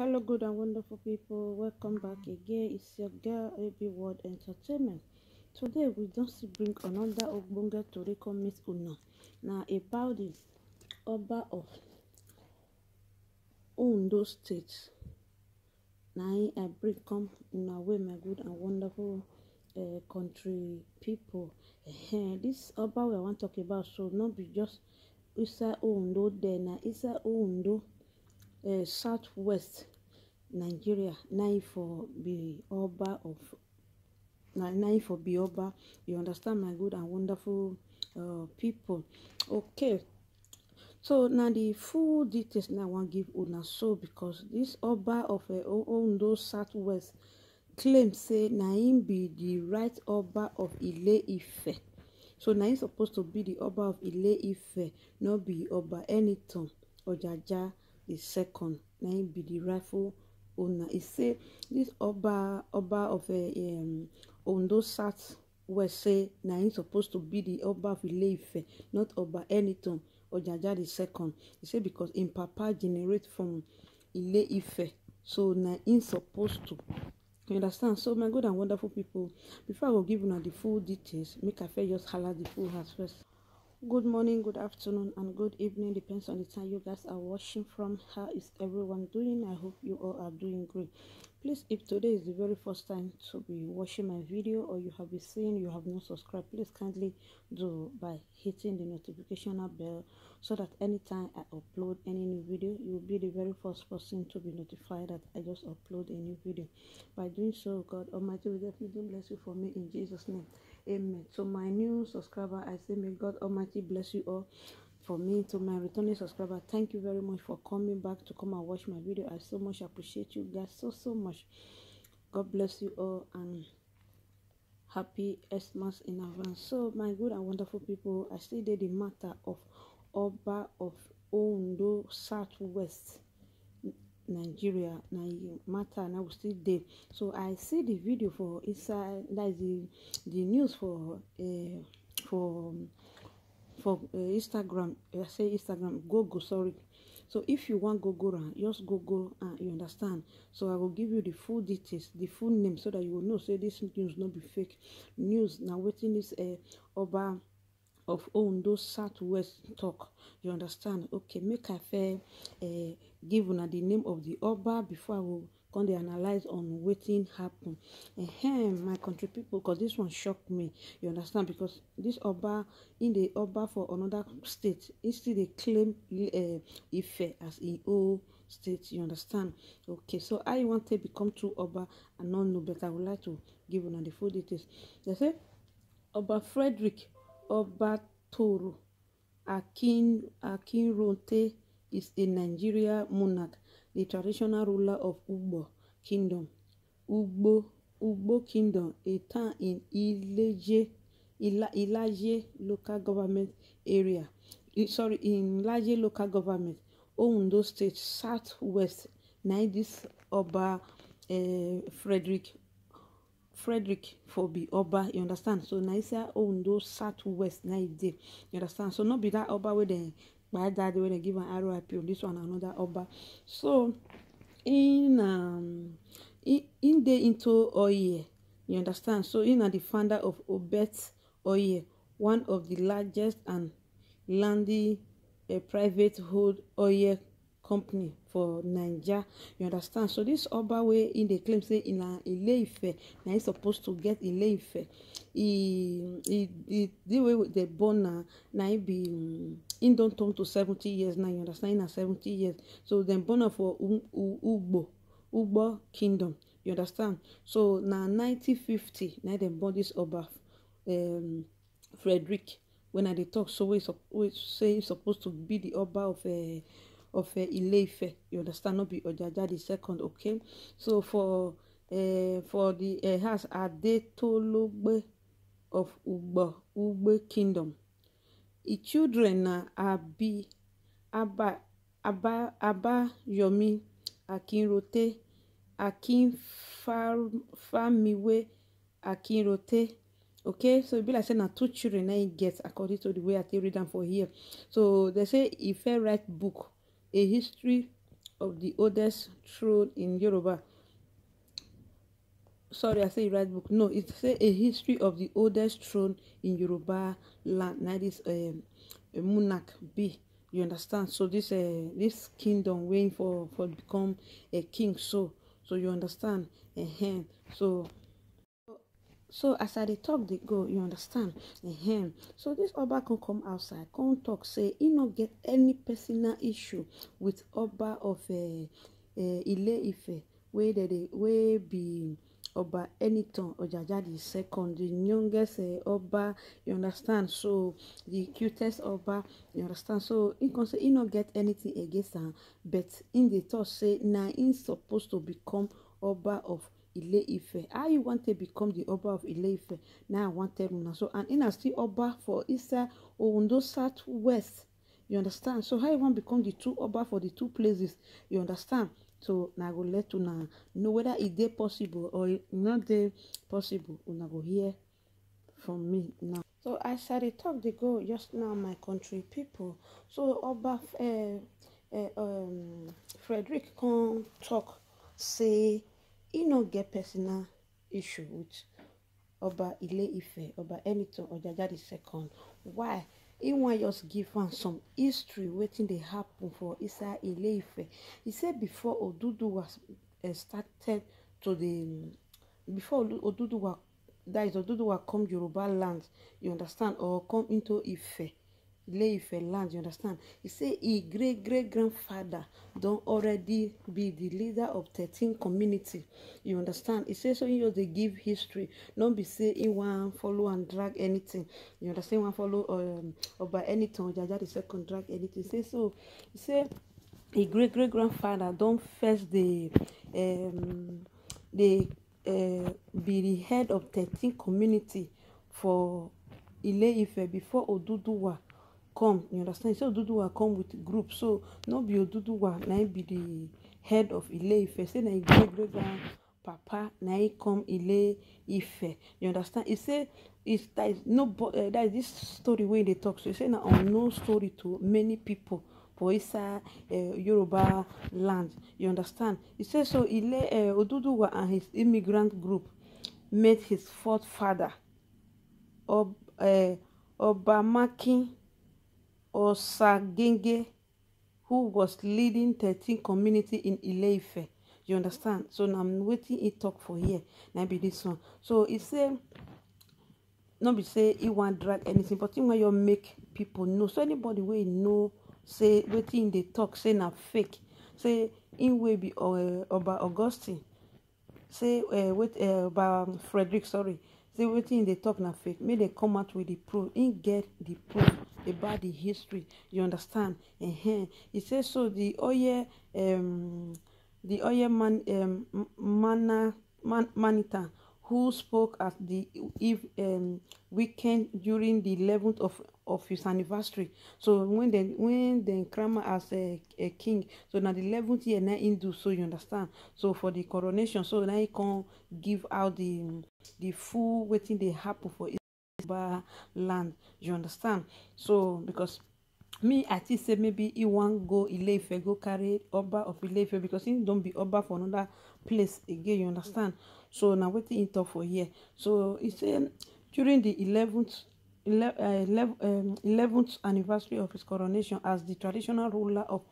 Hello, good and wonderful people. Welcome back again. It's your girl AB World Entertainment. Today we just bring another ogbonge to come meet una. Na about the Oba of Ondo State. Now I bring come in a way, my good and wonderful uh, country people. Uh, this Oba we I want to talk about so not be just Isa Ondo then. na Isa Ondo uh, southwest nigeria nine for be oba of na nine for be oba you understand my good and wonderful uh, people okay so now the full details Now i wan give una so because this oba of uh, ondo southwest claim say na him be the right oba of ile ife so na him suppose to be the oba of ile ife no be oba anytime ojaja the second na him be the rightful owner e say this oba oba of um, ondo sat west say now him supposed to be the oba of ile-ife not oba enitan ojaja the second He say because in papa generate from ile so now him supposed to you understand so my good and wonderful people before i go give una the full details make i first just hala the full house first good morning good afternoon and good evening depends on the time you guys are watching from how is everyone doing i hope you all are doing great please if today is the very first time to be watching my video or you have been seeing you have not subscribed please kindly do by hitting the notification bell so that anytime i upload any new video you will be the very first person to be notified that i just upload a new video by doing so god almighty will definitely bless you for me in jesus name Amen. To my new subscriber, I say, May God Almighty bless you all. For me, to my returning subscriber, thank you very much for coming back to come and watch my video. I so much appreciate you guys so, so much. God bless you all and happy Xmas in advance. So, my good and wonderful people, I still did the matter of Oba of Ondo Southwest nigeria na e matter now we still there so i see the video for inside that is the the news for uh, for for uh, instagram i say instagram google sorry so if you wan google am just google am you understand so i will give you the full details the full name so that you will know say this news not be fake news now waiting this uh, eh, over of ondo south west talk you understand okay make a fair uh, give una the name of the oba before i will come dey analyze on wetin happen ehem my country people because this one shocked me you understand because this oba in the oba for another state Instead, they dey claim uh, ife as im own state you understand okay so I you to become two oba and not know but i would like to give una the full details they say oba frederick obatoro akin akinronte is a Nigeria monarch, the traditional ruler of Ugbo Kingdom, Ugbo, Ugbo Kingdom, a town in Ilaje, Ilaje local government area. Sorry, in Ilaje local government, Ondo State, Southwest, Naidis Oba uh, Frederick Frederick Fobi Oba, you understand? So Naisa Ondo Southwest Naide, you understand? So not be that Oba where they My dad when they give an RIP on this one another Oba. So in um in, in the into Oye, you understand? So in are the founder of Obet Oye, one of the largest and landy a eh, private hold Oye company for naija you understand so this oba way in the claim say na ile ife now im supposed to get ile ife e e the the way they born na na him e be um, him don turn to seventy years now you understand na seventy years so dem born am for ugbo ugbo kingdom you understand so na nineteen fifty na e dem born this oba um, frederick when i dey talk so wey wey say he suppose to be the oba of uh, of uh, ileife you understand no be ojaja the second okay so for uh, for the uh, house adetologbe of Ugbo, Ugbe Kingdom. the children are Abi, Aba, Aba, aba Abayomi, Akinrote, Akinfamiwe, Akinrote. Okay, so e be like say na two children na get according to the way I take read them for here. So they say e fit write book, a history of the oldest throne in Yoruba sorry i say you write book no it say a history of the oldest throne in yoruba land na this um, monarch B. you understand so this uh, this kingdom waiting for for become a king so so you understand uh-huh. so so as i dey talk they go you understand ehem so this oba can come outside come talk say he not get any personal issue with oba of uh, uh, ile ife Where they where be Oba Enitan Ojajadi second, the youngest uh, eh, Oba, you understand? So the cutest Oba, you understand? So he can say he not get anything against her, but in the thought say now he's supposed to become Oba of Ile Ife. How you want to become the Oba of Ile Ife? Now nah, I want tell now. So and in a still Oba for Isa Ondo South West. You understand? So how you want to become the two Oba for the two places? You understand? so na go let una know whether e dey possible or e no dey possible una go hear from me now so as i dey talk dey go just now my country pipo so oba uh, uh, um, frederick come talk say e no get personal issue with oba ile ife oba enitan ojaja the second why he wan just give am some history wetin dey happen for inside ile-ife he say before oduduwa uh, started to dey before oduduwa that is oduduwa come yoruba land you understand or come into ife Ile-Ife land, you understand? He say his great great grandfather don already be the leader of thirteen community. You understand? He say so he just dey give history. No be say he wan follow and drag anything. You understand? He wan follow um, Oba anything, Jaja the second drag anything. He say so. He say his great great grandfather don first dey um, dey uh, be the head of thirteen community for Ile-Ife before Oduduwa come you understand so oduduwa come with group so no be oduduwa na him be the head of ile-ife say na him great great grand papa na him come ile-ife you understand He say is that is no uh, that is this story wey dey talk so e say na unknown story to many people for inside uh, yoruba land you understand He say so ile uh, oduduwa and his immigrant group met his fourth father Ob, uh, eh, obamakin Osagenge, who was leading 13 community in Ileife, You understand? So now I'm waiting it talk for here. Now be this one. So he say, nobody say he want drag anything, but him when you make people know. So anybody wey know say waiting dey talk say na fake. Say in wey be uh, Oba Augustine. Say uh, wait uh, Oba Frederick, sorry say wetin e dey talk na fake make dem come out with the proof e get the proof about the history you understand uh-huh. e say so the oil um, the oil man um, mana man, manita who spoke at the if um, weekend during the 11th of of his anniversary so when dem when dem crown as a, a king so na the eleventh year na him do so you understand so for the coronation so na he come give out the the full wetin dey happen for Yoruba land you understand so because me i think say maybe he wan go Ile-Ife go carry Oba of Ile-Ife because he don be Oba for another place again you understand so na wetin he talk for here so he say during the eleventh 11th eh, anniversary of his coronation as the traditional ruler of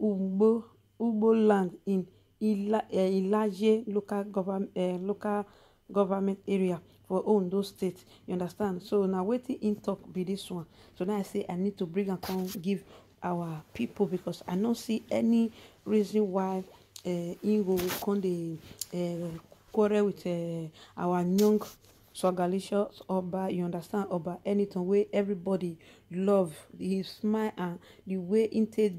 Ugbo, Ugbo land in Ila, uh, Ilaje local, govern, uh, local government area for Ondo state. You understand? So now wetin in talk be this one. So now I say I need to bring and come give our people because I don't see any reason why uh, im go come dey uh, quarrel with uh, our young swagalicious oba you understand oba anything way everybody love his smile and the way him take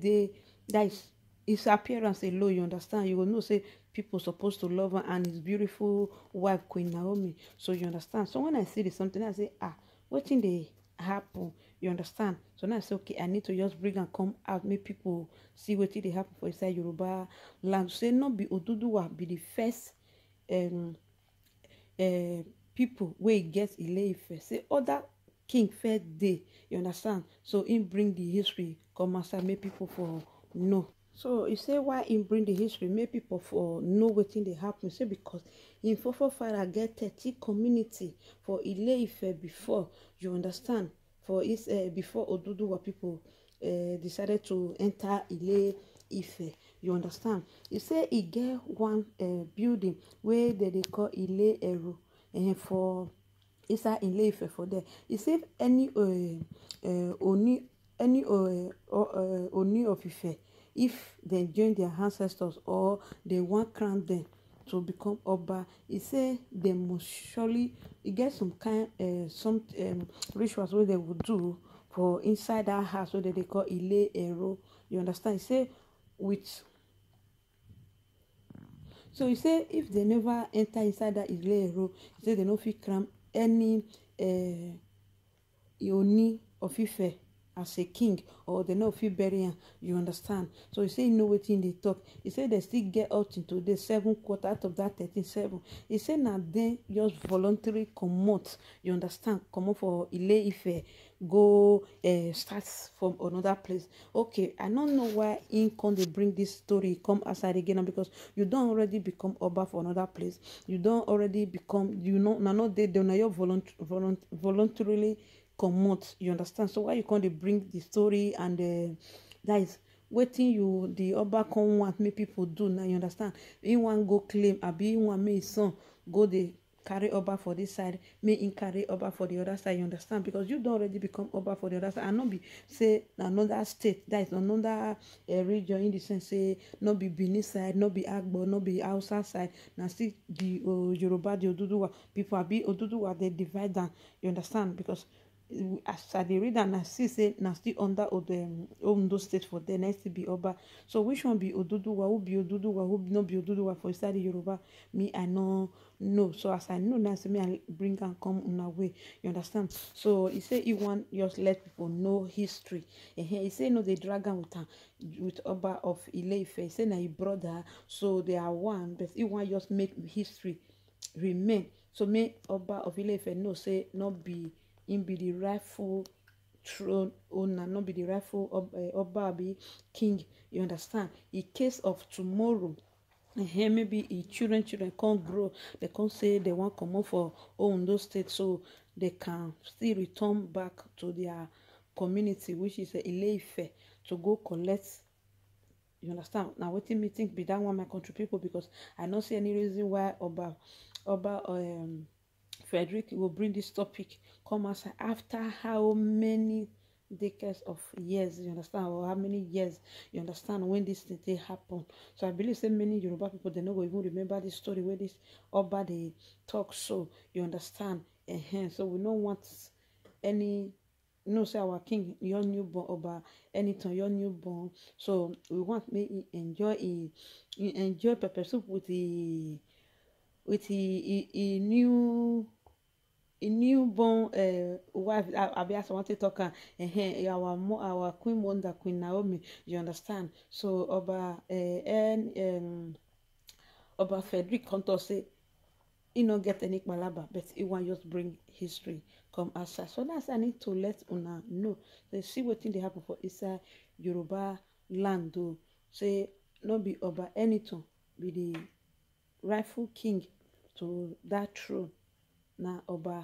that is his appearance alone you understand you go know say people supposed to love am and his beautiful wife queen naomi so you understand so when i see this something i say ah what wetin dey happen you understand so now i say okay i need to just bring and come out make people see wetin dey happen for inside yoruba land say not be oduduwa be the first um, uh, pipo wey e get ile-ife say other king fair dey you understand so im bring di history come outside make pipo for know so e say why im bring di history make pipo for know wetin dey happen say becos im forefather get thirty community for ile-ife before you understand for is eh, before oduduwa pipo eh, decided to enter ile-ife you understand e say e get one eh, building wey dem dey call ile-eru uh, for inside Ile Ife for there. He say any uh, uh, Oni any uh, uh, uh, Oni of Ife if they join their ancestors or they want crown them to become Oba. He say they must surely he get some kind uh, some um, rituals wey they will do for inside that house wey they dey call Ile Ero. You understand? He say with so you say if they never enter inside dat ilero you say they no fit cram any uh, Ooni of Ife as a king or they no fit bury am you understand so he say e know wetin e dey talk He say they still get up till today seven quarter out of that thirteen seven He say na dem just voluntary comot you understand comot for ile ife go uh, start from another place okay i no know why im come dey bring this story come outside again na because you don already become oba for another place you don already become you know na no dey there na your voluntarily comot you understand so why you come dey bring the story and uh, that is wetin you the oba come want make people do na you understand he wan go claim abi he wan make his son go dey carry oba for this side make him carry oba for the other side you understand because you don already become oba for the other side and no be say na another state that is another uh, region in the sense say no be benin side no be agbo no be hausa side na still the uh, yoruba the oduduwa people abi oduduwa dey divide am you understand because as i read and i see say na still under ondo um, state for the na still be oba so which one be oduduwa who be oduduwa who no be oduduwa for inside yoruba me i know no so as i know now say me i bring and come on way you understand so he say he want just let people know history He e say no the dragon with am with oba of ileife He say now e brother so they are one but he want just make history remain so me oba of ileife no say not be him be the rightful throne owner not be the rightful eh, oba abi king you understand in case of tomorrow here eh, maybe e children children can't grow They can't say they dem wan comot for those states, so they can still return back to their community which is eh, ileife to go collect you understand Now, what do me think be that one my country people because i don't see any reason why oba oba um, Frederick will bring this topic come outside after how many decades of years you understand or how many years you understand when this thing dey happen so i believe say many yoruba people they no go even remember this story where this over the talk so you understand uh-huh. so we no want any know say our king your newborn over anything, your newborn so we want me enjoy he, enjoy pepper soup with the with the, the new newborn uh, wife abia something talk am uh, eh, eh, our mo our queen wonder queen naomi you understand so oba uh, um, frederick come say he no get any palaba but he wan just bring history come outside so that's i need to let una know say see wetin dey happen for inside yoruba land o say no be oba anything be the rightful king to that throne na ọba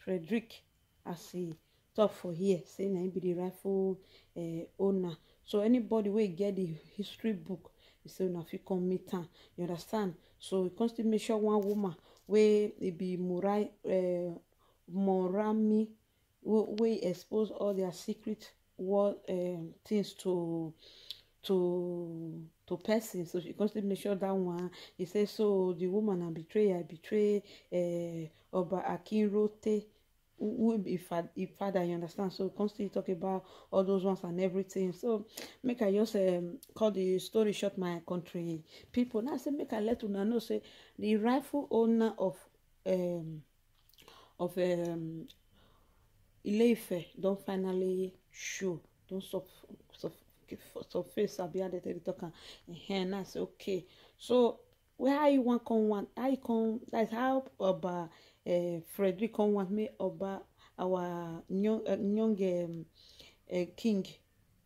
frederick asii talk for here say na him be the rifle uh, owner so anybody wey get the history book he say una fit come meet am you understand so he come still make sure one woman wey e be morai uh, eh, morami wey expose all their secret war um, things to to to person so he come still make sure that one he say so the woman na betray betray uh, Oba Akinrote, who be father, you understand? So constantly talk about all those ones and everything. So make I just um, call the story short, my country people. Now say make I let una know say the rightful owner of um of um Ile-Ife finally show, Don't stop stop surface face. how be at the talk am. Ehen, na say okay. So where are you One come one. I come that is how Oba come eh, Frederick me Oba, our young, uh, young um, uh, king,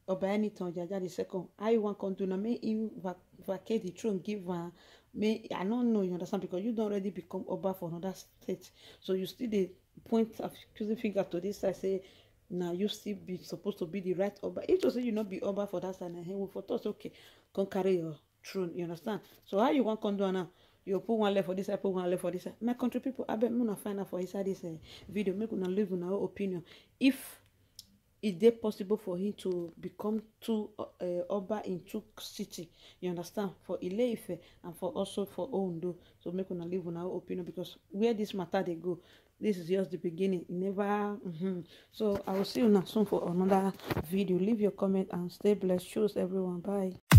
Oba Enitan Jaja II. I want Konduna, may me vac vacate the throne, give her. May I don't know, you understand, because you don't already become Oba for another state. So you still the point of choosing finger to this I say, na you still be supposed to be the right oba if to say you not be oba for that side na him for us okay come carry your throne you understand so how you want come do now you put one left for this side put one left for this side my country people abeg make una find out for inside this uh, video make una leave una own opinion if is it possible for him to become two uh, oba in two city you understand for Ileife and for also for ondo so make una leave una own opinion because where this matter they go this is just the beginning never mm -hmm. so i will see una soon for another video leave your comment and stay blessed choose everyone bye